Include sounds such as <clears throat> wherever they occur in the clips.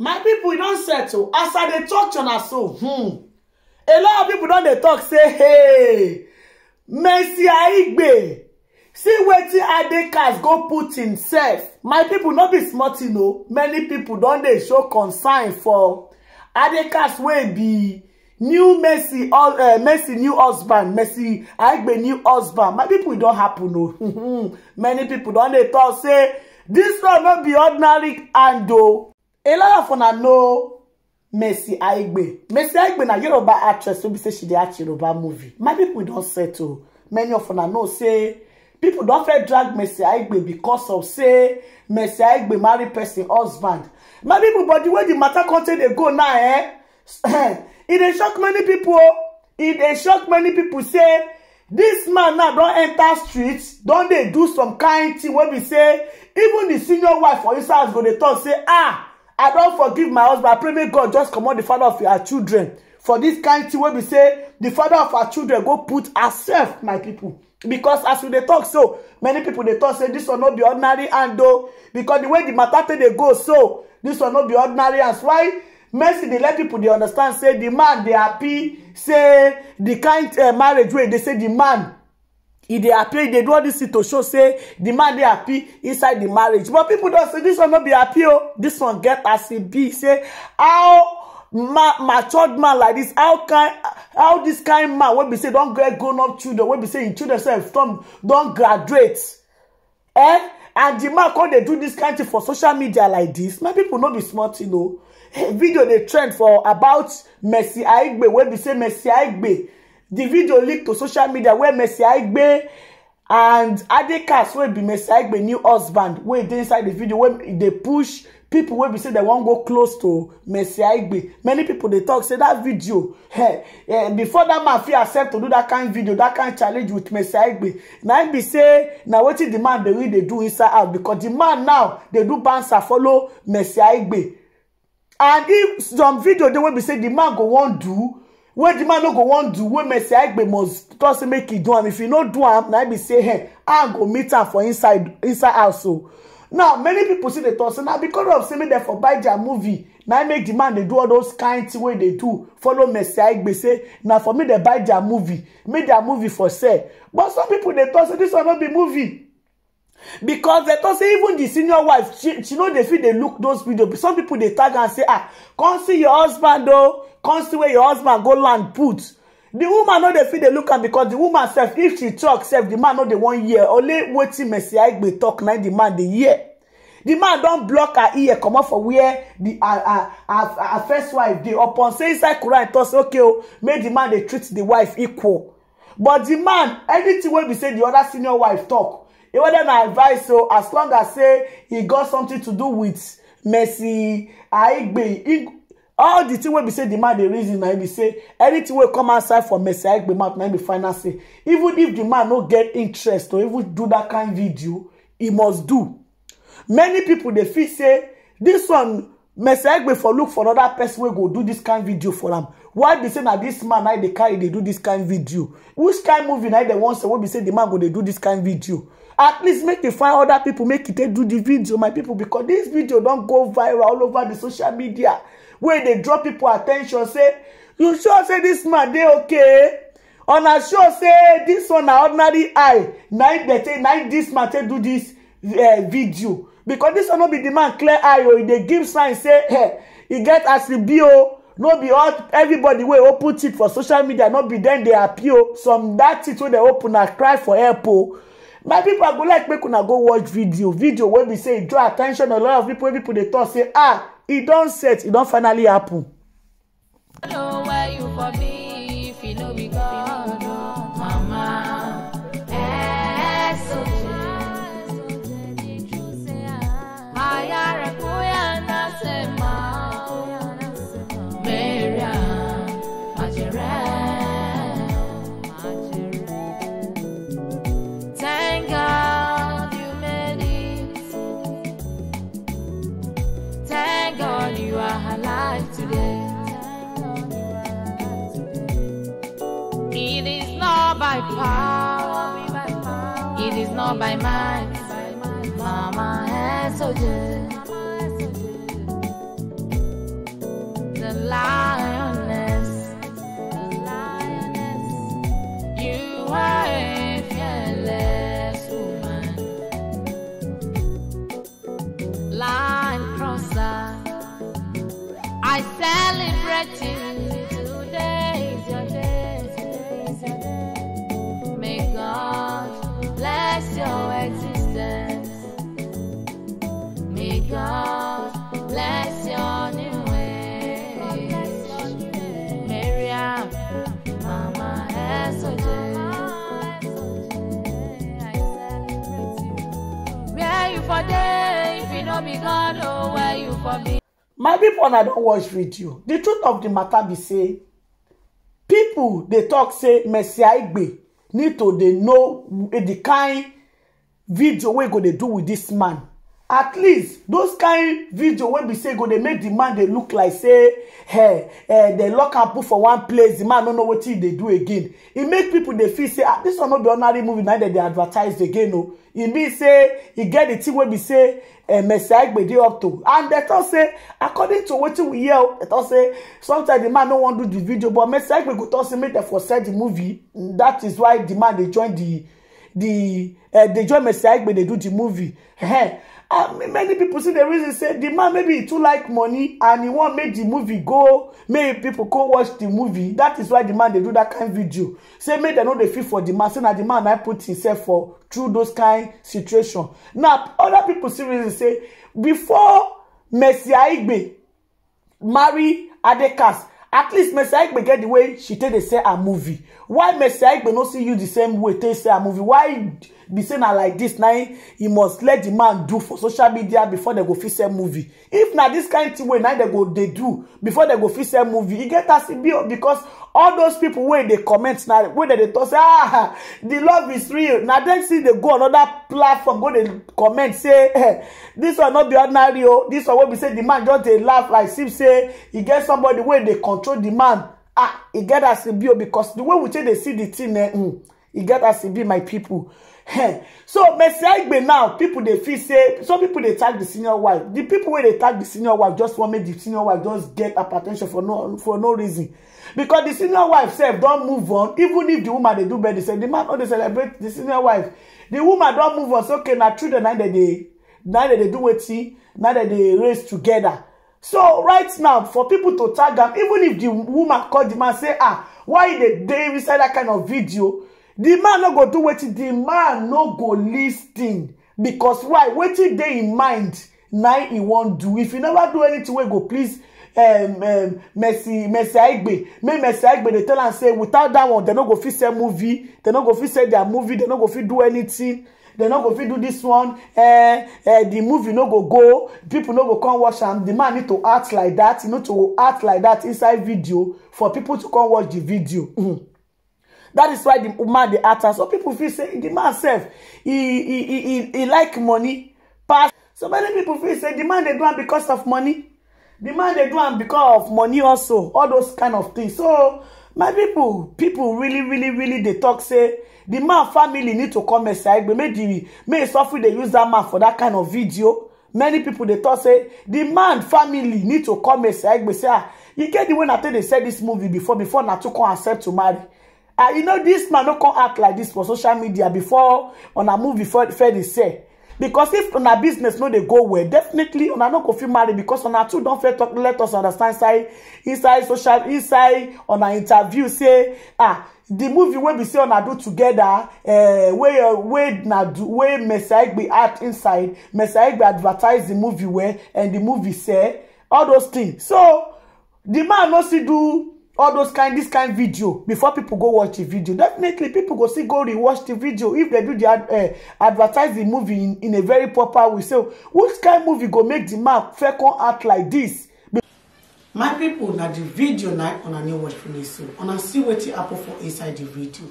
my people e don settle as i dey talk to na so hmm a lot of people don dey talk? say hey messi aigbe see wetin adekas go put himself my people no be small tin o many people don dey show concern for adekas wey be new Mercy messi eh, Mercy new husband messi aigbe new husband my people e don happen o <laughs> many people don dey talk? say dis one no be ordinary hand o oh a lot of una know mercy aigbe mercy aigbe na yoruba actress who be say she dey act yoruba movie my people don settle oh. many of una know say people don fit drag mercy aigbe because of say mercy aigbe marry person husband my people but the way the matter contain dey go now eh <clears throat> e dey shock many people o oh. e dey shock many people say this man now don enter street don dey do some kind thing wey be say even the senior wife for inside house go dey talk say ah i don forgive my husband i pray make god just comot the father of our children for this kind thing wey be say the father of our children go put herself my people because as we dey talk so many people dey talk say this one no be ordinary hand o because the way the matter take dey go so this one no be ordinary hand why mercy dey let people dey understand say the man dey happy say the kind uh, marriage wey e dey say the man e dey happy e dey do all dis thing to show say the man dey happy inside the marriage but people don say this one no be happy Oh, this one get as e be say how matured man like this. how how this kind man wey be say don get grown up children wey be say im children sef don graduate eh and the man come dey do this kind thing for social media like this, my people no be small tin o oh. video dey trend for about Mercy aigbe wey be say Mercy aigbe the video leaked to social media where Mercy Aigbe and adekas wey be messi aigbe new husband wey dey inside the video wey they push people, wey be say they won't go close to messi aigbe many people they talk say that video <laughs> eh, eh, before that mafia fit accept to do that kind video that kind challenge with messi aigbe Now im be say what is the man dey really they do inside out because the man now they do bouncer follow messi aigbe and if some video dey wey be say the man go won't do wey di man no go wan do wey messi aigbe must talk say make e do am if e no do am na be say hey, i go meet am for inside inside house o oh. now many pipo still dey talk say na because of say make dem for buy dia movie na make di man dey do all those kind thing wey dey do follow messi aigbe say na for me dem buy dia movie make dia movie for sell but some pipo dey talk say dis one no be movie because they talk, say even the senior wife she she no dey fit dey look those videos some people dey tag am say ah come see your husband o come see where your husband go land put The woman no dey fit dey look am because the woman sef if she talk, sef the man no dey wan hear only wetin messi aigbe talk na the man dey hear The man don block her ear comot for where wia her first wife dey upon say inside quran tok say okay o oh, make the man dey treat the wife equal but the man anything wey be say the other senior wife talk even then, na advice so as long as say he got something to do with Messi, aigbe all the thing wey be say the man the reason now be say anything will come outside for Messi, aigbe mouth na be final say even if the man no get interest to even do that kind video he must do many people dey feel say this one Messi, aigbe for look for another person will go do this kind video for them. why be say that this man I the carry they do this kind video which kind movie na dey wan say wey be say the man go they do this kind video at least make you find other people make you take do the video my people because this video don go viral all over the social media wey dey draw people at ten tion say you sure say this man dey okay una sure say this one na ordinary eye na im dey take na im this man take do this uh, video because this one no be the man clear eye o oh, e dey give sign say eh e get as e be o oh. no be all everybody wey open tit for social media no be dem dey happy oh. some that tit wey dey open na cry for help o my people, i go like make una go watch video video wey be say e draw attention a lot of people, wey pipo dey tok say ah e don set e don finally happen. on, you are alive today. It is not by power, it is not by might. Mama has so good. The light. for dey if you no be god oh where you for be. my people, I don't watch video The truth of the matter be say people they talk say Messiah igbe need to they know di kain video We go they do with this man at least those kind video wey be say go dey make the man dey look like say hey, eh, eh, hey, dem lock am put for one place the man no know wetin e dey do again e make people dey feel say ah this one no be ordinary movie na dem dey advertise again o oh. e mean say e get the thing wey be say uh, mercy aigbe dey up to and dem talk say according to wetin we hear dem talk say sometimes the man no wan do the video but mercy aigbe go talk say make dem for sell the movie that is why the man dey join the the uh, join mercy aigbe dey do the movie. I ah, many people see the reason say the man maybe he too like money and he want make the movie go make people go watch the movie that is why the man dey do that kind of video say make dem no dey feel for the man say na the man na put himself for through those kind of situation now other people see reason say before mercy aigbe marry adekas at least mercy aigbe get the way she take dey sell her movie why mercy aigbe no see you the same way take sell her movie why be saying na like this. Now he must let the man do for social media before they go fit a movie if na this kind of way, now they go they do before they go fit a movie e get as e because all those people where they comment now where they dey talk say ah the love is real Now then see they go another platform go dey comment say eh dis one not be ordinary o oh. dis one will be say the man just dey laugh like if say e get somebody where they control the man ah he get as e oh, because the way we take they see the thing eh mm, e get as e be my people so messi aigbe now People dey feel say some people dey tag the senior wife The people wey dey tag the senior wife just wan make the senior wife just get hypertension for no for no reason because the senior wife sef don move on even if the woman dey do birthday sef the man no dey celebrate the senior wife The woman don move on say okay na children na dem dey na dem dey do wetin na dem dey raise together so right now for people to tag am even if the woman call the man say ah why you dey dey inside dat kind of video The man no go do wetin The man no go lis ten because why wetin dey im mind na e wan do if you never do anything wey go please um, um, mercy mercy aigbe May mercy aigbe dey tell am say without that one dem no go fit sell movie dem no go fit sell their movie dem no go fit do anything dem no go fit do this one eh, eh, the movie no go go people no go come watch am the man need to act like that he need to act like that inside video for people to come watch the video. Mm-hmm that is why the woman dey act am some people feel say the man self he he he he he like money pass so many people feel say the man they do am because of money the man they do am because of money also all those kind of things so my people people really really really they talk say the man family need to come aside. but maybe the make sofri dey use that man for that kind of video many people they talk say the man family need to come aside. but say ah you get the way na they said this movie before before na to come accept to marry ah you know this man no come act like this for social media before una move before fair fairly say because if una business no dey go well definitely una no go fit marry because una too don fair talk let us understand inside inside social inside una interview say ah the movie wey be say una do together uh, wey uh, wey na do wey Mercy Aigbe act inside Mercy Aigbe advertise the movie well and the movie sell all those things so the man no still do all those kind this kind video before people go watch the video definitely people go see go rewatch the video if they do the uh, advertise the movie in, in a very proper way so which kind movie go make the man fair come act like this. my people, na the video na una new watch for finish so una see what you happen for inside the video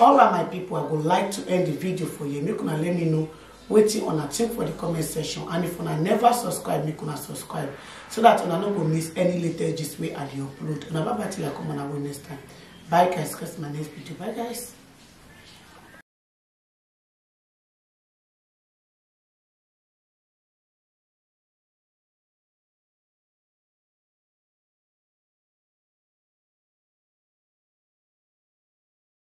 all of my pipo i go like to end the video for you. make una let me know Waiting on una Check for the comment section and if una never subscribe make una subscribe so dat una no go miss any latest gist way i dey upload una bye bye till i come on our next time bye guys catch my next video bye guys